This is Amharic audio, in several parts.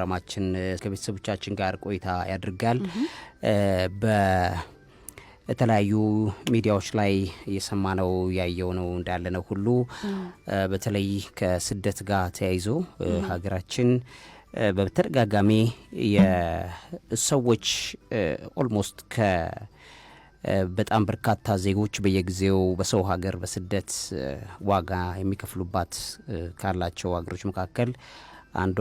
ፕሮግራማችን ከቤተሰቦቻችን ጋር ቆይታ ያደርጋል። በተለያዩ ሚዲያዎች ላይ ነው ያየው ነው እንዳለ ነው ሁሉ በተለይ ከስደት ጋር ተያይዞ ሀገራችን በተደጋጋሚ የሰዎች ኦልሞስት ከ በጣም በርካታ ዜጎች በየጊዜው በሰው ሀገር በስደት ዋጋ የሚከፍሉባት ካላቸው ሀገሮች መካከል አንዷ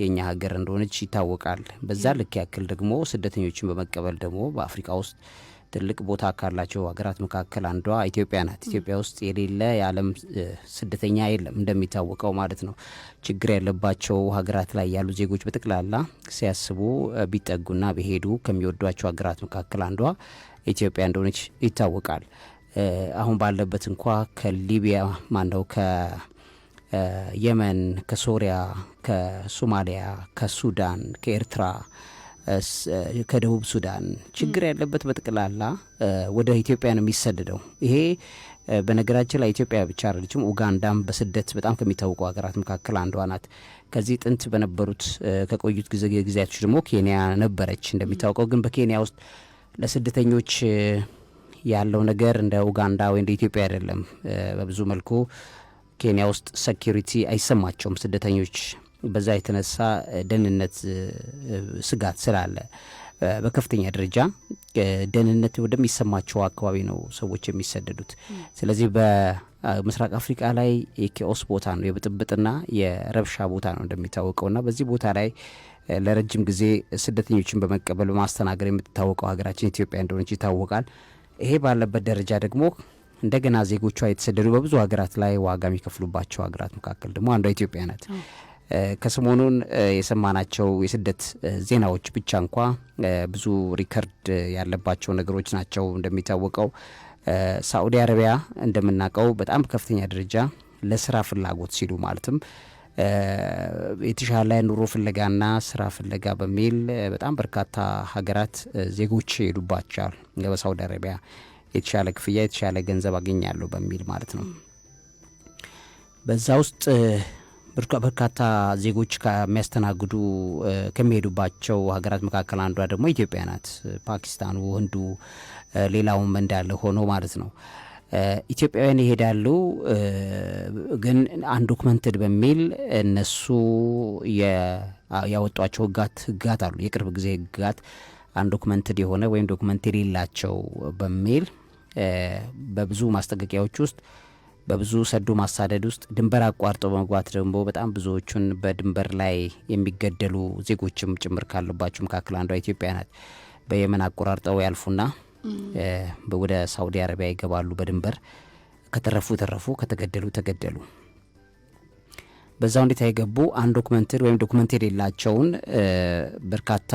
የእኛ ሀገር እንደሆነች ይታወቃል። በዛ ልክ ያክል ደግሞ ስደተኞችን በመቀበል ደግሞ በአፍሪካ ውስጥ ትልቅ ቦታ ካላቸው ሀገራት መካከል አንዷ ኢትዮጵያ ናት። ኢትዮጵያ ውስጥ የሌለ የዓለም ስደተኛ የለም እንደሚታወቀው ማለት ነው። ችግር ያለባቸው ሀገራት ላይ ያሉ ዜጎች በጠቅላላ ሲያስቡ ቢጠጉና ቢሄዱ ከሚወዷቸው ሀገራት መካከል አንዷ ኢትዮጵያ እንደሆነች ይታወቃል። አሁን ባለበት እንኳ ከሊቢያ ማነው ከ ከየመን፣ ከሶሪያ፣ ከሶማሊያ፣ ከሱዳን፣ ከኤርትራ፣ ከደቡብ ሱዳን ችግር ያለበት በጠቅላላ ወደ ኢትዮጵያ ነው የሚሰደደው። ይሄ በነገራችን ላይ ኢትዮጵያ ብቻ አይደለችም። ኡጋንዳም በስደት በጣም ከሚታወቁ ሀገራት መካከል አንዷ ናት። ከዚህ ጥንት በነበሩት ከቆዩት ጊዜ ጊዜያቶች ደግሞ ኬንያ ነበረች እንደሚታወቀው። ግን በኬንያ ውስጥ ለስደተኞች ያለው ነገር እንደ ኡጋንዳ ወይ እንደ ኢትዮጵያ አይደለም። በብዙ መልኩ ኬንያ ውስጥ ሰኪሪቲ አይሰማቸውም ስደተኞች። በዛ የተነሳ ደህንነት ስጋት ስላለ በከፍተኛ ደረጃ ደህንነት ወደሚሰማቸው አካባቢ ነው ሰዎች የሚሰደዱት። ስለዚህ በምስራቅ አፍሪካ ላይ የኬኦስ ቦታ ነው፣ የብጥብጥና የረብሻ ቦታ ነው እንደሚታወቀው እና በዚህ ቦታ ላይ ለረጅም ጊዜ ስደተኞችን በመቀበል በማስተናገር የምትታወቀው ሀገራችን ኢትዮጵያ እንደሆነች ይታወቃል። ይሄ ባለበት ደረጃ ደግሞ እንደገና ዜጎቿ የተሰደዱ በብዙ ሀገራት ላይ ዋጋ የሚከፍሉባቸው ሀገራት መካከል ደግሞ አንዷ ኢትዮጵያ ናት። ከሰሞኑን የሰማናቸው የስደት ዜናዎች ብቻ እንኳ ብዙ ሪከርድ ያለባቸው ነገሮች ናቸው። እንደሚታወቀው ሳዑዲ አረቢያ እንደምናውቀው በጣም ከፍተኛ ደረጃ ለስራ ፍላጎት ሲሉ ማለትም የተሻለ ኑሮ ፍለጋና ስራ ፍለጋ በሚል በጣም በርካታ ሀገራት ዜጎች ይሄዱባቸዋል በሳዑዲ አረቢያ የተሻለ ክፍያ የተሻለ ገንዘብ አገኛለሁ በሚል ማለት ነው። በዛ ውስጥ በርካታ ዜጎች ከሚያስተናግዱ ከሚሄዱባቸው ሀገራት መካከል አንዷ ደግሞ ኢትዮጵያ ናት። ፓኪስታኑ፣ ህንዱ፣ ሌላውም እንዳለ ሆኖ ማለት ነው። ኢትዮጵያውያን ይሄዳሉ። ግን አንዶክመንትድ በሚል እነሱ ያወጧቸው ህጋት ህጋት አሉ የቅርብ ጊዜ ህጋት አንዶክመንትድ የሆነ ወይም ዶክመንት የሌላቸው በሚል በብዙ ማስጠንቀቂያዎች ውስጥ በብዙ ሰዶ ማሳደድ ውስጥ ድንበር አቋርጦ በመግባት ደግሞ በጣም ብዙዎቹን በድንበር ላይ የሚገደሉ ዜጎችም ጭምር ካሉባቸው መካከል አንዷ ኢትዮጵያ ናት። በየመን አቆራርጠው ያልፉና ወደ ሳውዲ አረቢያ ይገባሉ። በድንበር ከተረፉ ተረፉ፣ ከተገደሉ ተገደሉ። በዛው እንዴት የገቡ አንድ ዶኩመንተሪ ወይም ዶኩመንተሪ የሌላቸውን በርካታ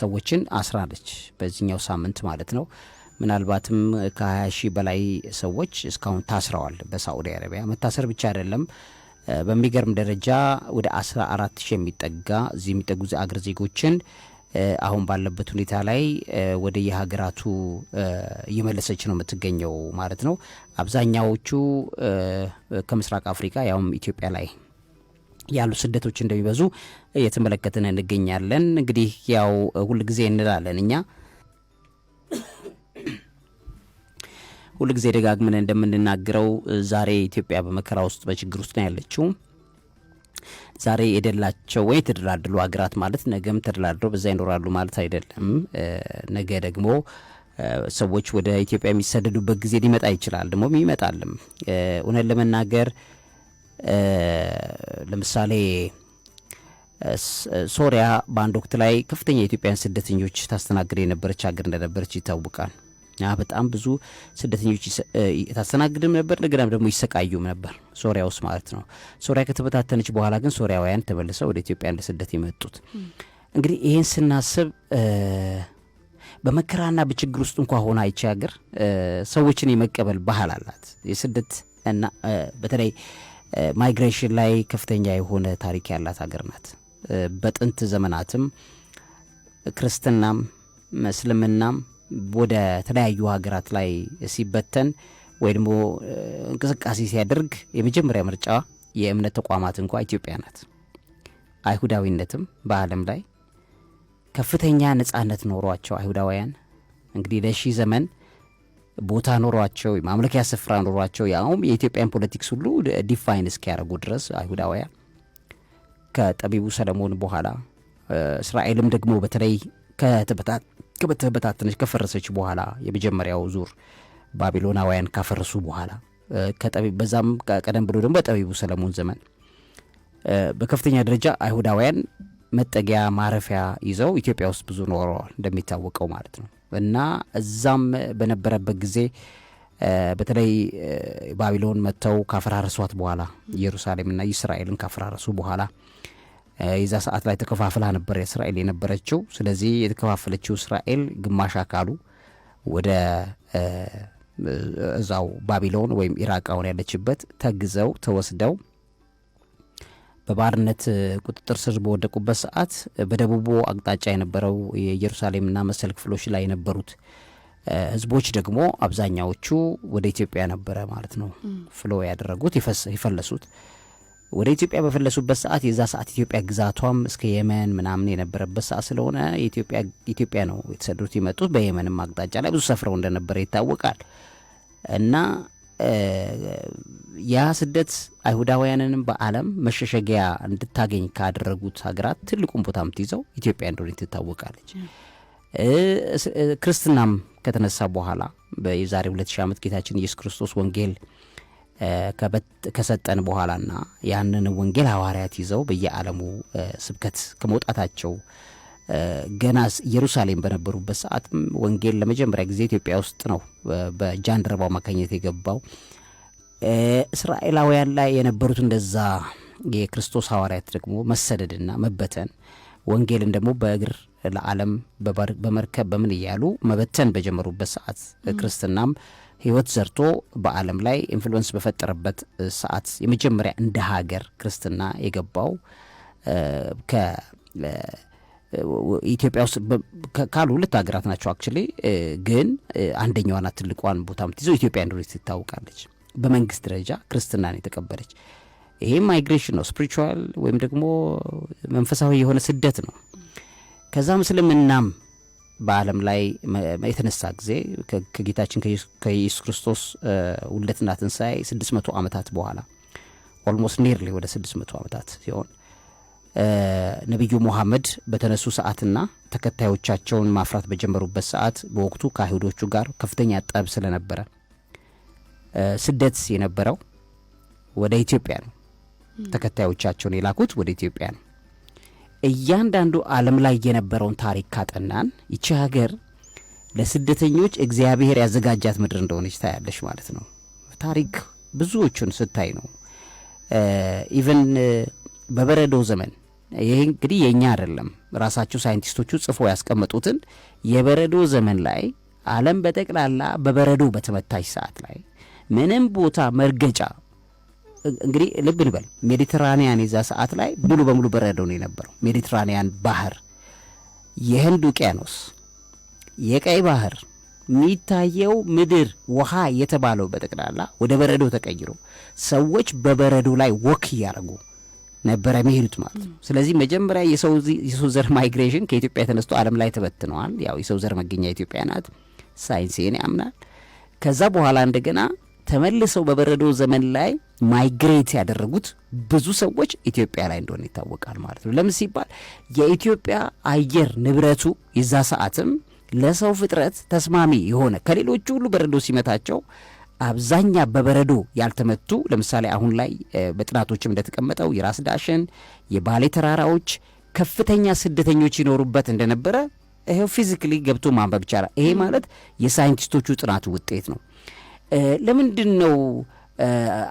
ሰዎችን አስራለች በዚህኛው ሳምንት ማለት ነው። ምናልባትም ከ20 ሺህ በላይ ሰዎች እስካሁን ታስረዋል በሳዑዲ አረቢያ። መታሰር ብቻ አይደለም በሚገርም ደረጃ ወደ 14 ሺህ የሚጠጋ እዚህ የሚጠጉ አገር ዜጎችን አሁን ባለበት ሁኔታ ላይ ወደ የሀገራቱ እየመለሰች ነው የምትገኘው ማለት ነው። አብዛኛዎቹ ከምስራቅ አፍሪካ ያውም ኢትዮጵያ ላይ ያሉ ስደቶች እንደሚበዙ እየተመለከትን እንገኛለን። እንግዲህ ያው ሁልጊዜ እንላለን እኛ ሁልጊዜ ደጋግመን እንደምንናገረው ዛሬ ኢትዮጵያ በመከራ ውስጥ በችግር ውስጥ ነው ያለችው። ዛሬ የደላቸው ወይ የተደላደሉ ሀገራት ማለት ነገም ተደላድለው በዛ ይኖራሉ ማለት አይደለም። ነገ ደግሞ ሰዎች ወደ ኢትዮጵያ የሚሰደዱበት ጊዜ ሊመጣ ይችላል፣ ደግሞ ይመጣልም እውነት ለመናገር ለምሳሌ ሶሪያ በአንድ ወቅት ላይ ከፍተኛ የኢትዮጵያን ስደተኞች ታስተናግድ የነበረች ሀገር እንደነበረች ይታወቃል። በጣም ብዙ ስደተኞች ታስተናግድም ነበር፣ እንደገናም ደግሞ ይሰቃዩም ነበር ሶሪያ ውስጥ ማለት ነው። ሶሪያ ከተበታተነች በኋላ ግን ሶሪያውያን ተመልሰው ወደ ኢትዮጵያ ለስደት የመጡት እንግዲህ ይህን ስናስብ በመከራና በችግር ውስጥ እንኳ ሆና ይቺ ሀገር ሰዎችን የመቀበል ባህል አላት የስደት እና በተለይ ማይግሬሽን ላይ ከፍተኛ የሆነ ታሪክ ያላት ሀገር ናት። በጥንት ዘመናትም ክርስትናም እስልምናም ወደ ተለያዩ ሀገራት ላይ ሲበተን ወይ ደግሞ እንቅስቃሴ ሲያደርግ የመጀመሪያ ምርጫ የእምነት ተቋማት እንኳ ኢትዮጵያ ናት። አይሁዳዊነትም በዓለም ላይ ከፍተኛ ነጻነት ኖሯቸው አይሁዳውያን እንግዲህ ለሺህ ዘመን ቦታ ኖሯቸው ማምለኪያ ስፍራ ኖሯቸው ያውም የኢትዮጵያን ፖለቲክስ ሁሉ ዲፋይን እስኪያደርጉ ድረስ አይሁዳውያን ከጠቢቡ ሰለሞን በኋላ እስራኤልም ደግሞ በተለይ ከተበታተነች ከፈረሰች በኋላ የመጀመሪያው ዙር ባቢሎናውያን ካፈረሱ በኋላ በዛም ቀደም ብሎ ደግሞ በጠቢቡ ሰለሞን ዘመን በከፍተኛ ደረጃ አይሁዳውያን መጠጊያ ማረፊያ ይዘው ኢትዮጵያ ውስጥ ብዙ ኖረዋል እንደሚታወቀው ማለት ነው። እና እዛም በነበረበት ጊዜ በተለይ ባቢሎን መጥተው ካፈራረሷት በኋላ ኢየሩሳሌምና እስራኤልን ካፈራረሱ በኋላ የዛ ሰዓት ላይ ተከፋፍላ ነበር እስራኤል የነበረችው። ስለዚህ የተከፋፈለችው እስራኤል ግማሽ አካሉ ወደ እዛው ባቢሎን ወይም ኢራቅ አሁን ያለችበት ተግዘው ተወስደው በባርነት ቁጥጥር ስር በወደቁበት ሰዓት በደቡቡ አቅጣጫ የነበረው የኢየሩሳሌምና መሰል ክፍሎች ላይ የነበሩት ህዝቦች ደግሞ አብዛኛዎቹ ወደ ኢትዮጵያ ነበረ ማለት ነው ፍሎ ያደረጉት የፈለሱት። ወደ ኢትዮጵያ በፈለሱበት ሰዓት የዛ ሰዓት ኢትዮጵያ ግዛቷም እስከ የመን ምናምን የነበረበት ሰዓት ስለሆነ ኢትዮጵያ ነው የተሰደዱት የመጡት። በየመንም አቅጣጫ ላይ ብዙ ሰፍረው እንደነበረ ይታወቃል እና ያ ስደት አይሁዳውያንንም በዓለም መሸሸጊያ እንድታገኝ ካደረጉት ሀገራት ትልቁን ቦታ የምትይዘው ኢትዮጵያ እንደሆነ ትታወቃለች። ክርስትናም ከተነሳ በኋላ የዛሬ 2000 ዓመት ጌታችን ኢየሱስ ክርስቶስ ወንጌል ከሰጠን በኋላና ያንን ወንጌል ሐዋርያት ይዘው በየዓለሙ ስብከት ከመውጣታቸው ገና ኢየሩሳሌም በነበሩበት ሰዓት ወንጌል ለመጀመሪያ ጊዜ ኢትዮጵያ ውስጥ ነው በጃንደረባው አማካኝነት የገባው። እስራኤላውያን ላይ የነበሩት እንደዛ የክርስቶስ ሐዋርያት ደግሞ መሰደድና መበተን ወንጌልን ደግሞ በእግር ለዓለም በመርከብ በምን እያሉ መበተን በጀመሩበት ሰዓት ክርስትናም ሕይወት ዘርቶ በዓለም ላይ ኢንፍሉወንስ በፈጠረበት ሰዓት የመጀመሪያ እንደ ሀገር ክርስትና የገባው ኢትዮጵያ ውስጥ ካሉ ሁለት ሀገራት ናቸው አክቹዋሊ። ግን አንደኛዋና ትልቋን ቦታ ምትይዘው ኢትዮጵያ እንደሆነች ትታወቃለች። በመንግስት ደረጃ ክርስትናን የተቀበለች ይሄ ማይግሬሽን ነው፣ ስፒሪቹዋል ወይም ደግሞ መንፈሳዊ የሆነ ስደት ነው። ከዛም እስልምናም በዓለም ላይ የተነሳ ጊዜ ከጌታችን ከኢየሱስ ክርስቶስ ውልደትና ትንሣኤ 600 ዓመታት በኋላ ኦልሞስት ኔርሊ ወደ 600 ዓመታት ሲሆን ነቢዩ ሙሐመድ በተነሱ ሰዓትና ተከታዮቻቸውን ማፍራት በጀመሩበት ሰዓት በወቅቱ ከአይሁዶቹ ጋር ከፍተኛ ጠብ ስለነበረ ስደት የነበረው ወደ ኢትዮጵያ ነው። ተከታዮቻቸውን የላኩት ወደ ኢትዮጵያ ነው። እያንዳንዱ ዓለም ላይ የነበረውን ታሪክ ካጠናን ይቺ ሀገር ለስደተኞች እግዚአብሔር ያዘጋጃት ምድር እንደሆነች ታያለች ማለት ነው። ታሪክ ብዙዎቹን ስታይ ነው ኢቨን በበረዶ ዘመን ይህ እንግዲህ የእኛ አይደለም፣ ራሳቸው ሳይንቲስቶቹ ጽፎ ያስቀመጡትን የበረዶ ዘመን ላይ ዓለም በጠቅላላ በበረዶ በተመታች ሰዓት ላይ ምንም ቦታ መርገጫ እንግዲህ ልብ እንበል ሜዲትራኒያን የዛ ሰዓት ላይ ሙሉ በሙሉ በረዶ ነው የነበረው። ሜዲትራኒያን ባህር፣ የህንድ ውቅያኖስ፣ የቀይ ባህር የሚታየው ምድር ውሃ የተባለው በጠቅላላ ወደ በረዶ ተቀይሮ ሰዎች በበረዶ ላይ ወክ እያደረጉ ነበረ የሚሄዱት ማለት ነው። ስለዚህ መጀመሪያ የሰው ዘር ማይግሬሽን ከኢትዮጵያ ተነስቶ ዓለም ላይ ተበትነዋል። ያው የሰው ዘር መገኛ ኢትዮጵያ ናት፣ ሳይንስ ይህን ያምናል። ከዛ በኋላ እንደገና ተመልሰው በበረዶ ዘመን ላይ ማይግሬት ያደረጉት ብዙ ሰዎች ኢትዮጵያ ላይ እንደሆነ ይታወቃል ማለት ነው። ለምን ሲባል የኢትዮጵያ አየር ንብረቱ የዛ ሰዓትም ለሰው ፍጥረት ተስማሚ የሆነ ከሌሎቹ ሁሉ በረዶ ሲመታቸው አብዛኛ በበረዶ ያልተመቱ ለምሳሌ አሁን ላይ በጥናቶችም እንደተቀመጠው የራስ ዳሽን፣ የባሌ ተራራዎች ከፍተኛ ስደተኞች ይኖሩበት እንደነበረ ይኸው ፊዚክሊ ገብቶ ማንበብ ይቻላል። ይሄ ማለት የሳይንቲስቶቹ ጥናቱ ውጤት ነው። ለምንድን ነው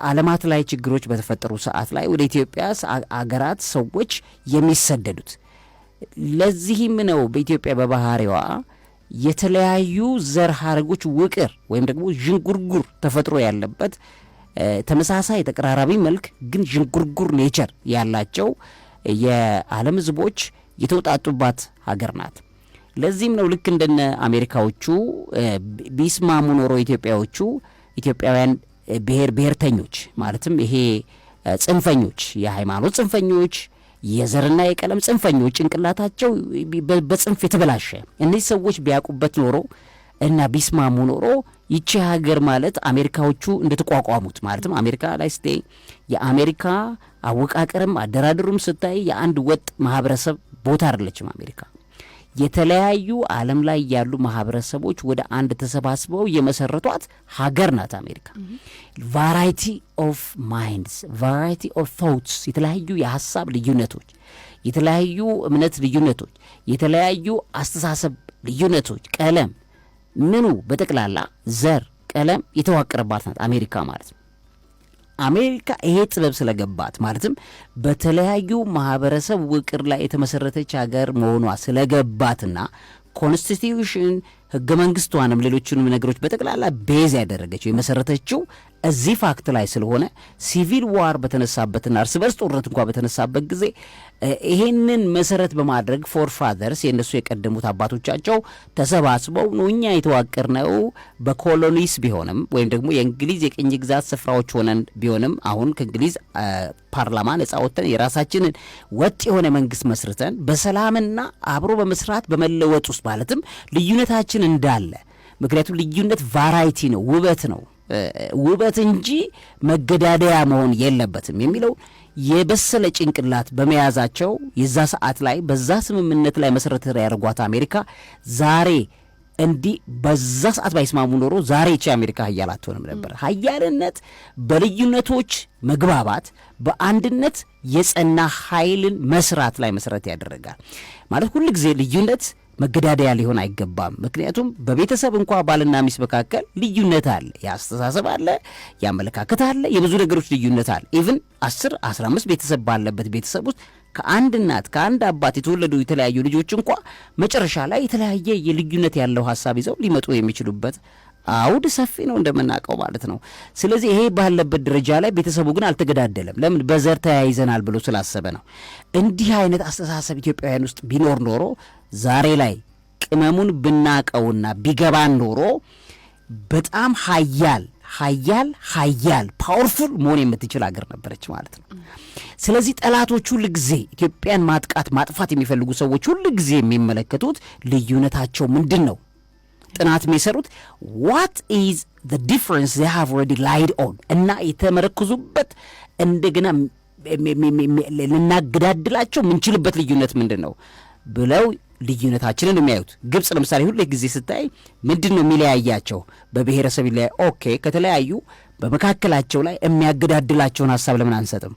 ዓለማት ላይ ችግሮች በተፈጠሩ ሰዓት ላይ ወደ ኢትዮጵያ አገራት ሰዎች የሚሰደዱት? ለዚህም ነው በኢትዮጵያ በባህሪዋ የተለያዩ ዘር ሀረጎች ውቅር ወይም ደግሞ ዥንጉርጉር ተፈጥሮ ያለበት ተመሳሳይ ተቀራራቢ መልክ ግን ዥንጉርጉር ኔቸር ያላቸው የዓለም ህዝቦች የተውጣጡባት ሀገር ናት። ለዚህም ነው ልክ እንደነ አሜሪካዎቹ ቢስማሙ ኖሮ ኢትዮጵያዎቹ ኢትዮጵያውያን ብሔር ብሔርተኞች ማለትም ይሄ ጽንፈኞች የሃይማኖት ጽንፈኞች የዘርና የቀለም ጽንፈኞች ጭንቅላታቸው በጽንፍ የተበላሸ እነዚህ ሰዎች ቢያውቁበት ኖሮ እና ቢስማሙ ኖሮ ይቺ ሀገር ማለት አሜሪካዎቹ እንደተቋቋሙት ማለትም አሜሪካ ላይ ስትይ የአሜሪካ አወቃቀርም አደራደሩም ስታይ የአንድ ወጥ ማህበረሰብ ቦታ አይደለችም አሜሪካ። የተለያዩ ዓለም ላይ ያሉ ማህበረሰቦች ወደ አንድ ተሰባስበው የመሰረቷት ሀገር ናት አሜሪካ። ቫራይቲ ኦፍ ማይንድስ፣ ቫራይቲ ኦፍ ቶትስ፣ የተለያዩ የሀሳብ ልዩነቶች፣ የተለያዩ እምነት ልዩነቶች፣ የተለያዩ አስተሳሰብ ልዩነቶች፣ ቀለም ምኑ በጠቅላላ ዘር፣ ቀለም የተዋቀረባት ናት አሜሪካ ማለት ነው። አሜሪካ ይሄ ጥበብ ስለገባት ማለትም በተለያዩ ማህበረሰብ ውቅር ላይ የተመሰረተች ሀገር መሆኗ ስለገባትና ኮንስቲትዩሽን ህገ መንግስቷንም ሌሎችንም ነገሮች በጠቅላላ ቤዝ ያደረገችው የመሰረተችው እዚህ ፋክት ላይ ስለሆነ ሲቪል ዋር በተነሳበትና እርስ በርስ ጦርነት እንኳ በተነሳበት ጊዜ ይሄንን መሰረት በማድረግ ፎር ፋዘርስ የእነሱ የቀደሙት አባቶቻቸው ተሰባስበው ነው እኛ የተዋቀር ነው በኮሎኒስ ቢሆንም ወይም ደግሞ የእንግሊዝ የቅኝ ግዛት ስፍራዎች ሆነን ቢሆንም አሁን ከእንግሊዝ ፓርላማ ነጻ ወጥተን የራሳችንን ወጥ የሆነ መንግስት መስርተን በሰላምና አብሮ በመስራት በመለወጥ ውስጥ ማለትም ልዩነታችን እንዳለ ምክንያቱም ልዩነት ቫራይቲ ነው፣ ውበት ነው። ውበት እንጂ መገዳደያ መሆን የለበትም የሚለው የበሰለ ጭንቅላት በመያዛቸው የዛ ሰዓት ላይ በዛ ስምምነት ላይ መሰረት ያደርጓት አሜሪካ ዛሬ እንዲህ በዛ ሰዓት ባይስማሙ ኖሮ ዛሬ ይቺ አሜሪካ ሀያል አትሆንም ነበር። ሀያልነት በልዩነቶች መግባባት፣ በአንድነት የጸና ኃይልን መስራት ላይ መሰረት ያደረጋል ማለት ጊዜ ልዩነት መገዳደያ ሊሆን አይገባም። ምክንያቱም በቤተሰብ እንኳ ባልና ሚስት መካከል ልዩነት አለ፣ የአስተሳሰብ አለ፣ የአመለካከት አለ፣ የብዙ ነገሮች ልዩነት አለ። ኢቭን 10 15 ቤተሰብ ባለበት ቤተሰብ ውስጥ ከአንድ እናት ከአንድ አባት የተወለዱ የተለያዩ ልጆች እንኳ መጨረሻ ላይ የተለያየ የልዩነት ያለው ሀሳብ ይዘው ሊመጡ የሚችሉበት አውድ ሰፊ ነው እንደምናውቀው ማለት ነው። ስለዚህ ይሄ ባለበት ደረጃ ላይ ቤተሰቡ ግን አልተገዳደለም። ለምን? በዘር ተያይዘናል ብሎ ስላሰበ ነው። እንዲህ አይነት አስተሳሰብ ኢትዮጵያውያን ውስጥ ቢኖር ኖሮ ዛሬ ላይ ቅመሙን ብናቀውና ቢገባን ኖሮ በጣም ሀያል ሀያል ሀያል ፓወርፉል መሆን የምትችል አገር ነበረች ማለት ነው። ስለዚህ ጠላቶች ሁል ጊዜ ኢትዮጵያን ማጥቃት ማጥፋት የሚፈልጉ ሰዎች ሁል ጊዜ የሚመለከቱት ልዩነታቸው ምንድን ነው? ጥናት የሚሰሩት ዋት ኢዝ ዘ ዲፍረንስ ዘ ሃቭ ኦልሬዲ ላይድ ኦን እና የተመረክዙበት እንደገና ልናገዳድላቸው ምንችልበት ልዩነት ምንድን ነው ብለው ልዩነታችንን የሚያዩት ግብጽ ለምሳሌ ሁሌ ጊዜ ስታይ ምንድን ነው የሚለያያቸው? በብሔረሰብ ይለያ። ኦኬ ከተለያዩ በመካከላቸው ላይ የሚያገዳድላቸውን ሀሳብ ለምን አንሰጥም?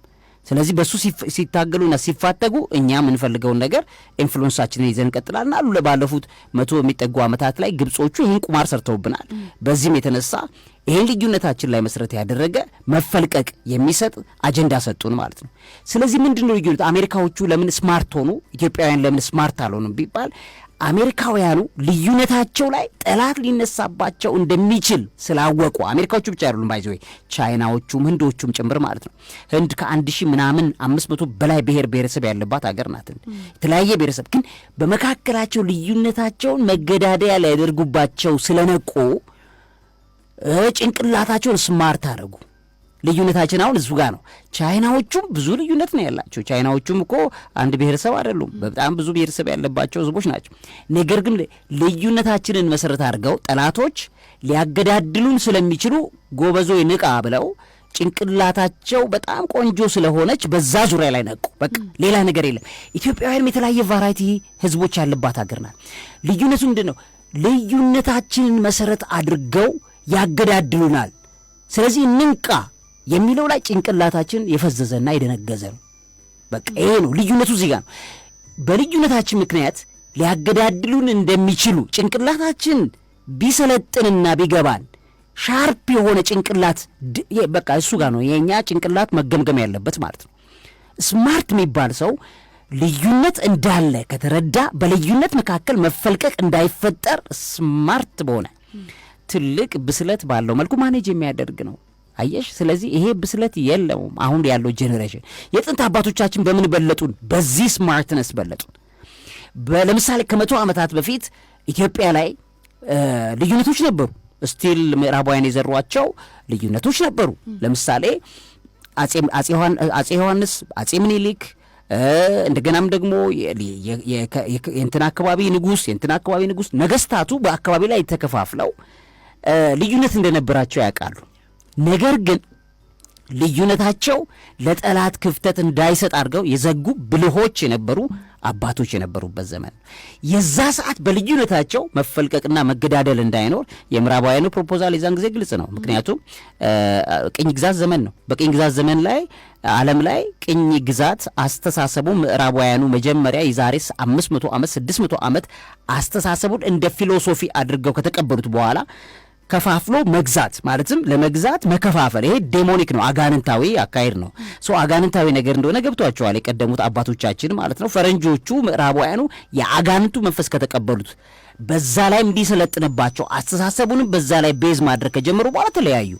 ስለዚህ በእሱ ሲታገሉና ሲፋተጉ እኛ የምንፈልገውን ነገር ኢንፍሉንሳችንን ይዘን እንቀጥላለን አሉ። ለባለፉት መቶ የሚጠጉ ዓመታት ላይ ግብጾቹ ይህን ቁማር ሰርተውብናል። በዚህም የተነሳ ይህን ልዩነታችን ላይ መሰረት ያደረገ መፈልቀቅ የሚሰጥ አጀንዳ ሰጡን ማለት ነው። ስለዚህ ምንድን ነው ልዩነት? አሜሪካዎቹ ለምን ስማርት ሆኑ? ኢትዮጵያውያን ለምን ስማርት አልሆኑም ቢባል አሜሪካውያኑ ልዩነታቸው ላይ ጠላት ሊነሳባቸው እንደሚችል ስላወቁ አሜሪካዎቹ ብቻ አይደሉም፣ ወይ ቻይናዎቹም ህንዶቹም ጭምር ማለት ነው። ህንድ ከአንድ ሺህ ምናምን አምስት መቶ በላይ ብሔር ብሔረሰብ ያለባት ሀገር ናት። የተለያየ ብሔረሰብ ግን በመካከላቸው ልዩነታቸውን መገዳደያ ሊያደርጉባቸው ስለነቁ ጭንቅላታቸውን ስማርት አደረጉ። ልዩነታችን አሁን እዚሁ ጋር ነው። ቻይናዎቹም ብዙ ልዩነት ነው ያላቸው። ቻይናዎቹም እኮ አንድ ብሔረሰብ አይደሉም። በጣም ብዙ ብሔረሰብ ያለባቸው ህዝቦች ናቸው። ነገር ግን ልዩነታችንን መሰረት አድርገው ጠላቶች ሊያገዳድሉን ስለሚችሉ ጎበዞ ንቃ ብለው ጭንቅላታቸው በጣም ቆንጆ ስለሆነች በዛ ዙሪያ ላይ ነቁ። በቃ ሌላ ነገር የለም። ኢትዮጵያውያንም የተለያየ ቫራይቲ ህዝቦች ያለባት ሀገር ናት። ልዩነቱ ምንድን ነው? ልዩነታችንን መሰረት አድርገው ያገዳድሉናል። ስለዚህ እንንቃ የሚለው ላይ ጭንቅላታችን የፈዘዘና የደነገዘ ነው። በቃ ይሄ ነው ልዩነቱ። እዚህ ጋር ነው። በልዩነታችን ምክንያት ሊያገዳድሉን እንደሚችሉ ጭንቅላታችን ቢሰለጥንና ቢገባን ሻርፕ የሆነ ጭንቅላት በቃ እሱ ጋር ነው የእኛ ጭንቅላት መገምገም ያለበት ማለት ነው። ስማርት የሚባል ሰው ልዩነት እንዳለ ከተረዳ በልዩነት መካከል መፈልቀቅ እንዳይፈጠር ስማርት በሆነ ትልቅ ብስለት ባለው መልኩ ማኔጅ የሚያደርግ ነው። አየሽ፣ ስለዚህ ይሄ ብስለት የለውም። አሁን ያለው ጄኔሬሽን የጥንት አባቶቻችን በምን በለጡን? በዚህ ስማርትነስ በለጡን። ለምሳሌ ከመቶ ዓመታት በፊት ኢትዮጵያ ላይ ልዩነቶች ነበሩ። ስቲል ምዕራባውያን የዘሯቸው ልዩነቶች ነበሩ። ለምሳሌ አጼ ዮሐንስ፣ አጼ ምኒሊክ እንደገናም ደግሞ የእንትን አካባቢ ንጉስ የእንትን አካባቢ ንጉስ ነገስታቱ በአካባቢ ላይ ተከፋፍለው ልዩነት እንደነበራቸው ያውቃሉ። ነገር ግን ልዩነታቸው ለጠላት ክፍተት እንዳይሰጥ አድርገው የዘጉ ብልሆች የነበሩ አባቶች የነበሩበት ዘመን የዛ ሰዓት በልዩነታቸው መፈልቀቅና መገዳደል እንዳይኖር የምዕራባውያኑ ፕሮፖዛል የዛን ጊዜ ግልጽ ነው። ምክንያቱም ቅኝ ግዛት ዘመን ነው። በቅኝ ግዛት ዘመን ላይ ዓለም ላይ ቅኝ ግዛት አስተሳሰቡ ምዕራባውያኑ መጀመሪያ የዛሬ 500 ዓመት 600 ዓመት አስተሳሰቡን እንደ ፊሎሶፊ አድርገው ከተቀበሉት በኋላ ከፋፍሎ መግዛት ማለትም ለመግዛት መከፋፈል፣ ይሄ ዴሞኒክ ነው፣ አጋንንታዊ አካሄድ ነው። ሶ አጋንንታዊ ነገር እንደሆነ ገብቷቸዋል የቀደሙት አባቶቻችን ማለት ነው። ፈረንጆቹ ምዕራባውያኑ የአጋንንቱ መንፈስ ከተቀበሉት በዛ ላይ እንዲሰለጥንባቸው አስተሳሰቡንም በዛ ላይ ቤዝ ማድረግ ከጀመሩ በኋላ ተለያዩ።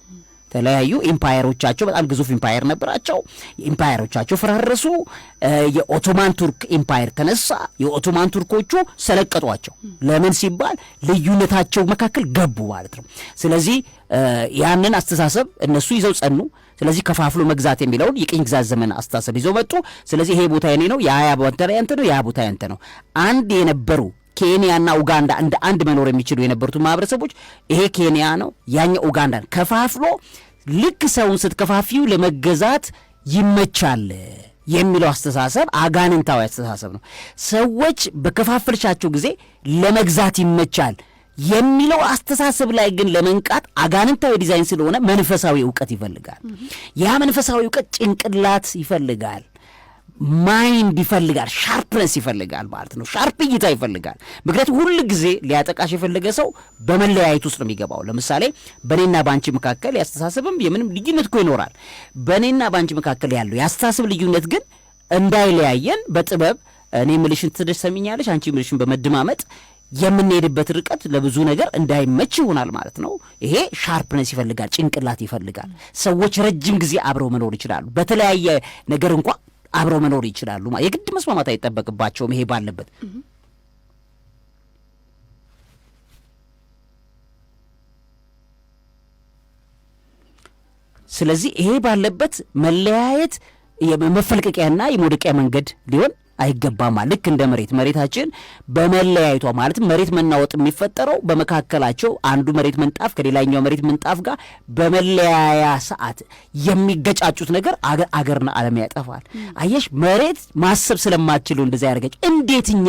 ተለያዩ። ኢምፓየሮቻቸው በጣም ግዙፍ ኢምፓየር ነበራቸው። ኢምፓየሮቻቸው ፈራረሱ። የኦቶማን ቱርክ ኢምፓየር ተነሳ። የኦቶማን ቱርኮቹ ሰለቀጧቸው። ለምን ሲባል ልዩነታቸው መካከል ገቡ ማለት ነው። ስለዚህ ያንን አስተሳሰብ እነሱ ይዘው ጸኑ። ስለዚህ ከፋፍሎ መግዛት የሚለውን የቅኝ ግዛት ዘመን አስተሳሰብ ይዘው መጡ። ስለዚህ ይሄ ቦታ የኔ ነው፣ ያ ቦታ ያንተ ነው፣ ያ ቦታ ያንተ ነው አንድ የነበሩ ኬንያና ኡጋንዳ እንደ አንድ መኖር የሚችሉ የነበሩት ማህበረሰቦች ይሄ ኬንያ ነው፣ ያኛው ኡጋንዳን ከፋፍሎ ልክ ሰውን ስትከፋፊው ለመገዛት ይመቻል የሚለው አስተሳሰብ አጋንንታዊ አስተሳሰብ ነው። ሰዎች በከፋፈልሻቸው ጊዜ ለመግዛት ይመቻል የሚለው አስተሳሰብ ላይ ግን ለመንቃት አጋንንታዊ ዲዛይን ስለሆነ መንፈሳዊ እውቀት ይፈልጋል። ያ መንፈሳዊ እውቀት ጭንቅላት ይፈልጋል። ማይንድ ይፈልጋል፣ ሻርፕነስ ይፈልጋል ማለት ነው። ሻርፕ እይታ ይፈልጋል። ምክንያቱም ሁል ጊዜ ሊያጠቃሽ የፈለገ ሰው በመለያየት ውስጥ ነው የሚገባው። ለምሳሌ በእኔና በአንቺ መካከል ያስተሳሰብም የምንም ልዩነት እኮ ይኖራል። በእኔና በአንቺ መካከል ያለው የአስተሳሰብ ልዩነት ግን እንዳይለያየን በጥበብ እኔ ምልሽን ትሰሚኛለሽ፣ አንቺ ምልሽን በመደማመጥ የምንሄድበት ርቀት ለብዙ ነገር እንዳይመች ይሆናል ማለት ነው። ይሄ ሻርፕነስ ይፈልጋል፣ ጭንቅላት ይፈልጋል። ሰዎች ረጅም ጊዜ አብረው መኖር ይችላሉ። በተለያየ ነገር እንኳ አብረው መኖር ይችላሉ። የግድ መስማማት አይጠበቅባቸውም። ይሄ ባለበት ስለዚህ ይሄ ባለበት መለያየት የመፈልቀቂያና የመውደቂያ መንገድ ሊሆን አይገባማ ልክ እንደ መሬት መሬታችን በመለያየቷ ማለትም መሬት መናወጥ የሚፈጠረው በመካከላቸው አንዱ መሬት ምንጣፍ ከሌላኛው መሬት ምንጣፍ ጋር በመለያያ ሰዓት የሚገጫጩት ነገር አገርና ዓለም ያጠፋል። አየሽ መሬት ማሰብ ስለማትችሉ እንደዚያ ያደርገች እንዴትኛ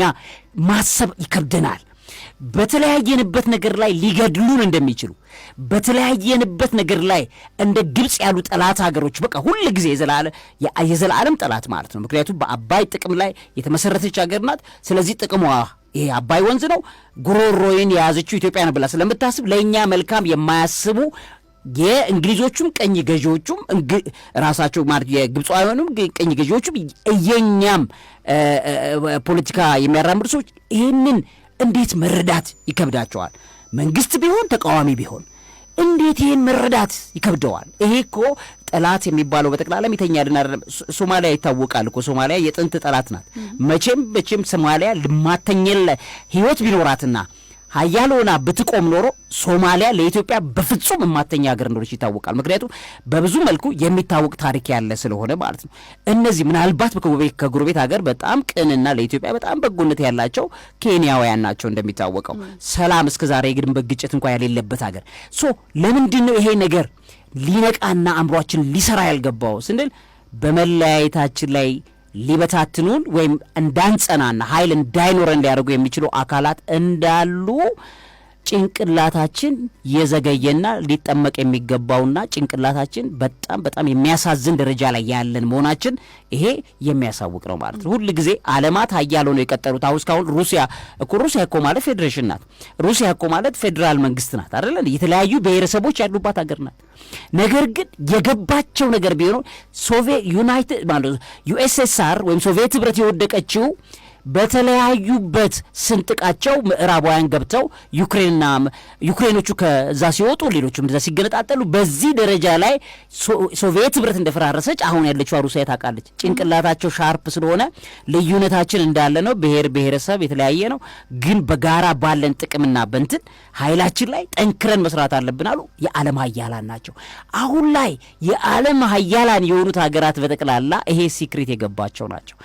ማሰብ ይከብደናል። በተለያየንበት ነገር ላይ ሊገድሉን እንደሚችሉ በተለያየንበት ነገር ላይ እንደ ግብፅ ያሉ ጠላት ሀገሮች በቃ ሁል ጊዜ የዘላለም ጠላት ማለት ነው። ምክንያቱም በአባይ ጥቅም ላይ የተመሰረተች ሀገር ናት። ስለዚህ ጥቅሟ ይሄ አባይ ወንዝ ነው። ጉሮሮይን የያዘችው ኢትዮጵያ ነው ብላ ስለምታስብ ለእኛ መልካም የማያስቡ የእንግሊዞቹም ቀኝ ገዢዎቹም ራሳቸው ማለት የግብፃውያኑም ቀኝ ገዢዎቹም የእኛም ፖለቲካ የሚያራምዱ ሰዎች ይህንን እንዴት መረዳት ይከብዳቸዋል? መንግስት ቢሆን ተቃዋሚ ቢሆን እንዴት ይህን መረዳት ይከብደዋል? ይሄ እኮ ጠላት የሚባለው በጠቅላላ የተኛ ድና ሶማሊያ ይታወቃል እኮ ሶማሊያ የጥንት ጠላት ናት። መቼም መቼም ሶማሊያ ልማተኛል ህይወት ቢኖራትና ሀያል ሆና ብትቆም ኖሮ ሶማሊያ ለኢትዮጵያ በፍጹም የማተኛ ሀገር እንደሆነች ይታወቃል። ምክንያቱም በብዙ መልኩ የሚታወቅ ታሪክ ያለ ስለሆነ ማለት ነው። እነዚህ ምናልባት ከጎረቤት ሀገር በጣም ቅንና ለኢትዮጵያ በጣም በጎነት ያላቸው ኬንያውያን ናቸው። እንደሚታወቀው ሰላም እስከዛሬ ግን በግጭት እንኳ ያሌለበት ሀገር ሶ ለምንድን ነው ይሄ ነገር ሊነቃና አእምሯችን ሊሰራ ያልገባው ስንል በመለያየታችን ላይ ሊበታትኑን ወይም እንዳንጸናና ኃይል እንዳይኖረን ሊያደርጉ የሚችሉ አካላት እንዳሉ ጭንቅላታችን የዘገየና ሊጠመቅ የሚገባውና ጭንቅላታችን በጣም በጣም የሚያሳዝን ደረጃ ላይ ያለን መሆናችን ይሄ የሚያሳውቅ ነው ማለት ነው። ሁል ጊዜ አለማት ሀያል ሆነው የቀጠሉት አሁን እስካሁን ሩሲያ እኮ ሩሲያ እኮ ማለት ፌዴሬሽን ናት። ሩሲያ እኮ ማለት ፌዴራል መንግስት ናት አይደለ? የተለያዩ ብሔረሰቦች ያሉባት ሀገር ናት። ነገር ግን የገባቸው ነገር ቢሆን ሶቪየት ዩናይትድ ማለት ዩኤስኤስአር ወይም ሶቪየት ህብረት የወደቀችው በተለያዩበት ስንጥቃቸው ምዕራባውያን ገብተው ዩክሬንና ዩክሬኖቹ ከዛ ሲወጡ ሌሎችም እንደዛ ሲገነጣጠሉ በዚህ ደረጃ ላይ ሶቪየት ህብረት እንደፈራረሰች አሁን ያለችው ሩሲያ ታውቃለች። ጭንቅላታቸው ሻርፕ ስለሆነ ልዩነታችን እንዳለ ነው። ብሔር ብሔረሰብ የተለያየ ነው፣ ግን በጋራ ባለን ጥቅምና በንትን ኃይላችን ላይ ጠንክረን መስራት አለብን አሉ። የዓለም ሀያላን ናቸው። አሁን ላይ የዓለም ሀያላን የሆኑት ሀገራት በጠቅላላ ይሄ ሲክሬት የገባቸው ናቸው።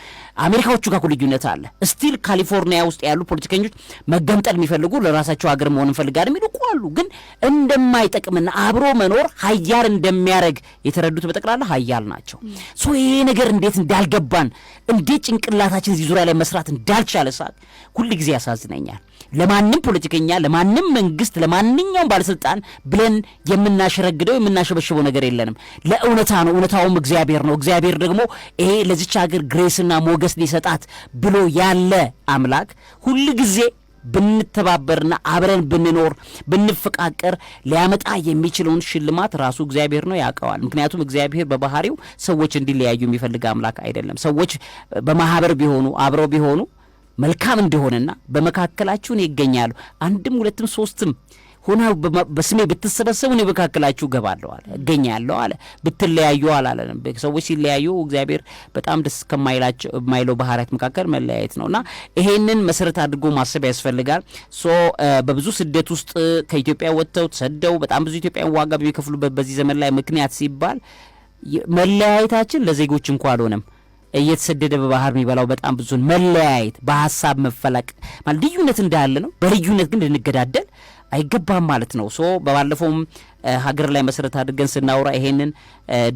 አሜሪካዎቹ ጋር እኮ ልዩነት አለ። ስቲል ካሊፎርኒያ ውስጥ ያሉ ፖለቲከኞች መገንጠል የሚፈልጉ ለራሳቸው ሀገር መሆን እንፈልጋለን የሚሉ እኮ አሉ። ግን እንደማይጠቅምና አብሮ መኖር ሀያል እንደሚያደርግ የተረዱት በጠቅላላ ሀያል ናቸው። ሶ ይሄ ነገር እንዴት እንዳልገባን እንዴት ጭንቅላታችን እዚህ ዙሪያ ላይ መስራት እንዳልቻለ ሰዓት ጊዜ ያሳዝነኛል። ለማንም ፖለቲከኛ፣ ለማንም መንግስት፣ ለማንኛውም ባለስልጣን ብለን የምናሸረግደው የምናሸበሽበው ነገር የለንም። ለእውነታ ነው። እውነታውም እግዚአብሔር ነው። እግዚአብሔር ደግሞ ይሄ ለዚች ሀገር ግሬስና ሞገስ ሊሰጣት ብሎ ያለ አምላክ ሁል ጊዜ ብንተባበርና አብረን ብንኖር ብንፈቃቀር ሊያመጣ የሚችለውን ሽልማት ራሱ እግዚአብሔር ነው ያውቀዋል። ምክንያቱም እግዚአብሔር በባህሪው ሰዎች እንዲለያዩ የሚፈልግ አምላክ አይደለም። ሰዎች በማህበር ቢሆኑ አብረው ቢሆኑ መልካም እንደሆነና በመካከላችሁ እኔ ይገኛሉ አንድም ሁለትም ሶስትም ሆና በስሜ ብትሰበሰቡ እኔ በመካከላችሁ እገባለሁ አለ እገኛለሁ አለ። ብትለያዩ አላለም። ሰዎች ሲለያዩ እግዚአብሔር በጣም ደስ ከማይለው የማይለው ባህሪያት መካከል መለያየት ነው እና ይሄንን መሰረት አድርጎ ማሰብ ያስፈልጋል። ሶ በብዙ ስደት ውስጥ ከኢትዮጵያ ወጥተው ተሰደው በጣም ብዙ ኢትዮጵያን ዋጋ በሚከፍሉበት በዚህ ዘመን ላይ ምክንያት ሲባል መለያየታችን ለዜጎች እንኳ አልሆነም። እየተሰደደ በባህር የሚበላው በጣም ብዙን መለያየት፣ በሀሳብ መፈለቅ ማለት ልዩነት እንዳለ ነው። በልዩነት ግን ልንገዳደል አይገባም ማለት ነው። ሶ በባለፈውም ሀገር ላይ መሰረት አድርገን ስናወራ ይሄንን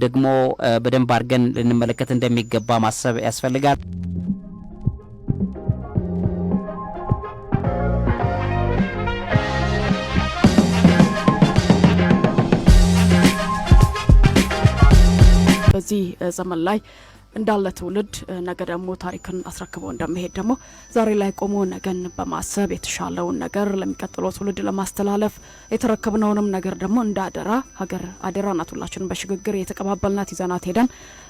ደግሞ በደንብ አድርገን ልንመለከት እንደሚገባ ማሰብ ያስፈልጋል። በዚህ ዘመን ላይ እንዳለ ትውልድ ነገ ደግሞ ታሪክን አስረክቦ እንደመሄድ ደግሞ ዛሬ ላይ ቆሞ ነገን በማሰብ የተሻለውን ነገር ለሚቀጥለው ትውልድ ለማስተላለፍ የተረከብነውንም ነገር ደግሞ እንደ አደራ ሀገር አደራ ናት። ሁላችንም በሽግግር የተቀባበልናት ይዘናት ሄደን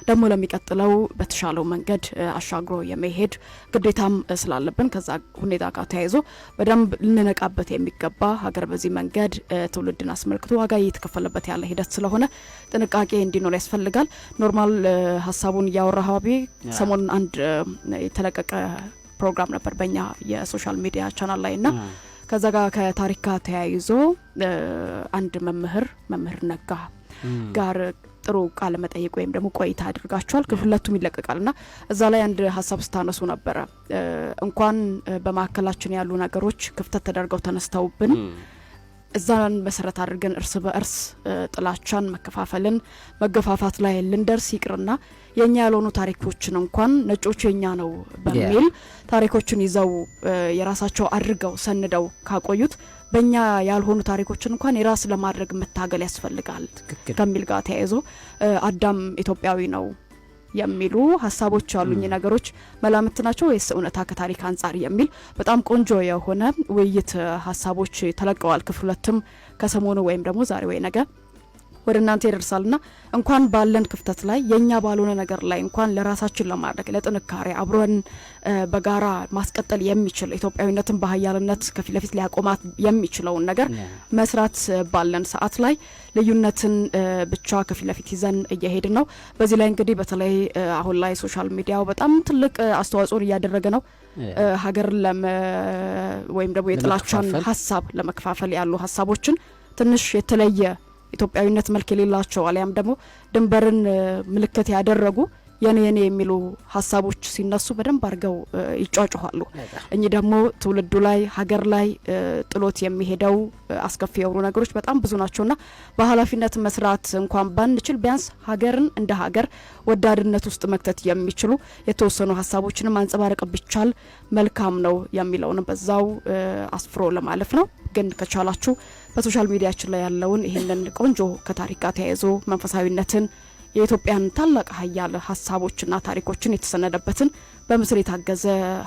ደግሞ ለሚቀጥለው በተሻለው መንገድ አሻግሮ የመሄድ ግዴታም ስላለብን ከዛ ሁኔታ ጋር ተያይዞ በደንብ ልንነቃበት የሚገባ ሀገር በዚህ መንገድ ትውልድን አስመልክቶ ዋጋ እየተከፈለበት ያለ ሂደት ስለሆነ ጥንቃቄ እንዲኖር ያስፈልጋል። ኖርማል ሀሳቡን እያወ ሙፈራ ሀዋቢ ሰሞኑን አንድ የተለቀቀ ፕሮግራም ነበር በእኛ የሶሻል ሚዲያ ቻናል ላይ እና ከዛ ጋር ከታሪክ ጋር ተያይዞ አንድ መምህር መምህር ነጋ ጋር ጥሩ ቃለ መጠይቅ ወይም ደግሞ ቆይታ አድርጋችኋል። ሁለቱም ይለቀቃል እና እዛ ላይ አንድ ሀሳብ ስታነሱ ነበረ እንኳን በማዕከላችን ያሉ ነገሮች ክፍተት ተደርገው ተነስተውብን እዛን መሰረት አድርገን እርስ በእርስ ጥላቻን፣ መከፋፈልን፣ መገፋፋት ላይ ልንደርስ ይቅርና የእኛ ያልሆኑ ታሪኮችን እንኳን ነጮቹ የኛ ነው በሚል ታሪኮችን ይዘው የራሳቸው አድርገው ሰንደው ካቆዩት በእኛ ያልሆኑ ታሪኮችን እንኳን የራስ ለማድረግ መታገል ያስፈልጋል ከሚል ጋር ተያይዞ አዳም ኢትዮጵያዊ ነው የሚሉ ሀሳቦች ያሉኝ ነገሮች መላምት ናቸው ወይስ እውነታ ከታሪክ አንጻር የሚል በጣም ቆንጆ የሆነ ውይይት ሀሳቦች ተለቀዋል። ክፍል ሁለትም ከሰሞኑ ወይም ደግሞ ዛሬ ወይ ነገ ወደ እናንተ ይደርሳል ና እንኳን ባለን ክፍተት ላይ የእኛ ባልሆነ ነገር ላይ እንኳን ለራሳችን ለማድረግ ለጥንካሬ አብረን በጋራ ማስቀጠል የሚችል ኢትዮጵያዊነትን በሀያልነት ከፊት ለፊት ሊያቆማት የሚችለውን ነገር መስራት ባለን ሰዓት ላይ ልዩነትን ብቻ ከፊት ለፊት ይዘን እየሄድን ነው። በዚህ ላይ እንግዲህ በተለይ አሁን ላይ ሶሻል ሚዲያው በጣም ትልቅ አስተዋጽኦን እያደረገ ነው። ሀገርን ወይም ደግሞ የጥላቻን ሀሳብ ለመከፋፈል ያሉ ሀሳቦችን ትንሽ የተለየ ኢትዮጵያዊነት መልክ የሌላቸው አሊያም ደግሞ ድንበርን ምልክት ያደረጉ የኔ የኔ የሚሉ ሀሳቦች ሲነሱ በደንብ አድርገው ይጫጭኋሉ። እኚህ ደግሞ ትውልዱ ላይ ሀገር ላይ ጥሎት የሚሄደው አስከፊ የሆኑ ነገሮች በጣም ብዙ ናቸውና በኃላፊነት መስራት እንኳን ባንችል ቢያንስ ሀገርን እንደ ሀገር ወዳድነት ውስጥ መክተት የሚችሉ የተወሰኑ ሀሳቦችንም አንጸባረቅ ቢቻል መልካም ነው የሚለውንም በዛው አስፍሮ ለማለፍ ነው። ግን ከቻላችሁ በሶሻል ሚዲያችን ላይ ያለውን ይህንን ቆንጆ ከታሪክ ጋር ተያይዞ መንፈሳዊነትን የኢትዮጵያን ታላቅ ሀያል ሀሳቦችና ታሪኮችን የተሰነደበትን በምስል የታገዘ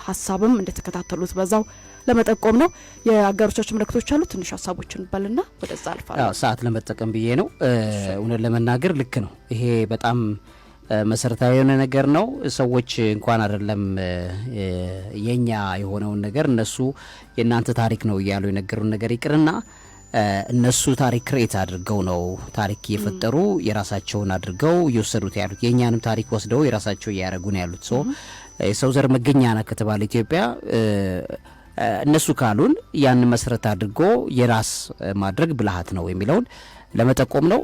ሀሳብም እንደተከታተሉት በዛው ለመጠቆም ነው። የአጋሮቻችን ምልክቶች አሉ። ትንሽ ሀሳቦችን በልና ወደዛ አልፋለሁ። ሰዓት ለመጠቀም ብዬ ነው። እውነት ለመናገር ልክ ነው። ይሄ በጣም መሰረታዊ የሆነ ነገር ነው። ሰዎች እንኳን አይደለም የኛ የሆነውን ነገር እነሱ የእናንተ ታሪክ ነው እያሉ የነገሩን ነገር ይቅርና እነሱ ታሪክ ክሬት አድርገው ነው ታሪክ እየፈጠሩ የራሳቸውን አድርገው እየወሰዱት ያሉት። የእኛንም ታሪክ ወስደው የራሳቸው እያደረጉ ነው ያሉት። የሰው ዘር መገኛ ናት ከተባለ ኢትዮጵያ እነሱ ካሉን ያን መሰረት አድርጎ የራስ ማድረግ ብልሃት ነው የሚለውን ለመጠቆም ነው።